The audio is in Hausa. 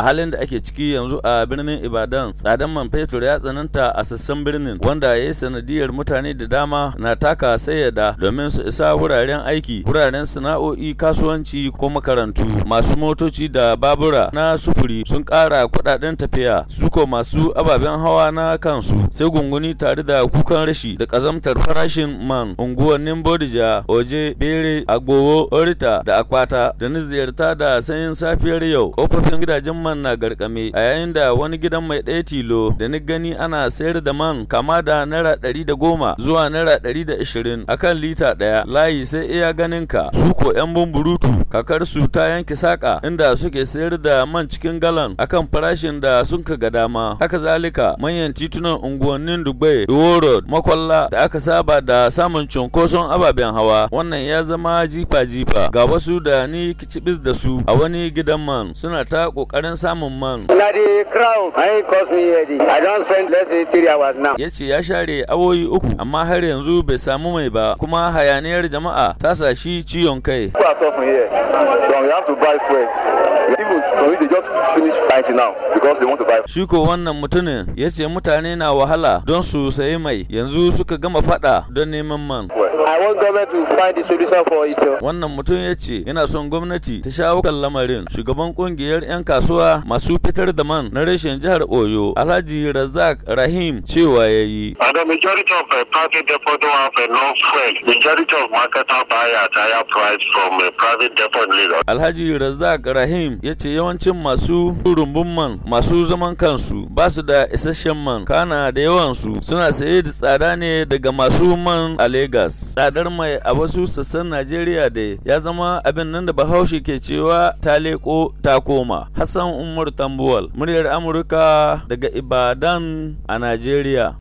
a halin da ake ciki yanzu a birnin ibadan tsadan man fetur ya tsananta a sassan birnin wanda ya yi sanadiyar mutane da dama na taka da. domin su isa wuraren aiki wuraren sana'o'i kasuwanci ko makarantu masu motoci da babura na sufuri sun kara kudaden tafiya suko masu ababen hawa na kansu sai gunguni tare da kukan rashi da kazamtar farashin man unguwannin bodija oje bere agbowo orita da akwata da ni ziyarta da sanyin safiyar yau kofofin gidajen man man na garkame a yayin da wani gidan mai ɗaya tilo da ni gani ana sayar da man kama da naira ɗari da goma zuwa naira ɗari da ashirin kan lita ɗaya layi sai iya ganin ka su ko yan bumburutu kakar su ta yanke saƙa inda suke sayar da man cikin galan akan farashin da sun ka ga dama haka zalika manyan titunan unguwannin dubai road makwalla da aka saba da samun cunkoson ababen hawa wannan ya zama jifa-jifa ga wasu da ni kicibis da su a wani gidan man suna ta ƙoƙarin samun man. Na di crown, I cost me headache. I don't spend less than three hours now. Ya ce ya share awoyi uku amma har yanzu bai samu mai ba kuma hayaniyar jama'a ta sa shi ciwon kai. People are suffering here. So we have to buy fuel. Shi ko wannan mutumin ya ce mutane na wahala don su sayi mai yanzu suka gama fada don neman man. I want government to find the solution for it. Wannan mutum ya ce yana son gwamnati ta shawo kan lamarin. Shugaban kungiyar 'yan kasuwa masu fitar da man na reshen jihar Oyo, Alhaji Razak Rahim cewa ya yi. And the majority of the party depot don't have enough fuel. Majority of marketer buy at higher price from a private depot in Alhaji Razak Rahim ya ce yawancin masu rumbun man masu zaman kansu basu da isasshen man kana da yawansu suna saye da tsada ne daga masu man a Lagos. tsadar mai a wasu sassan najeriya da ya zama abin nan da bahaushe ke cewa ta leko ta koma hassan umar tambuwal muryar amurka daga ibadan a najeriya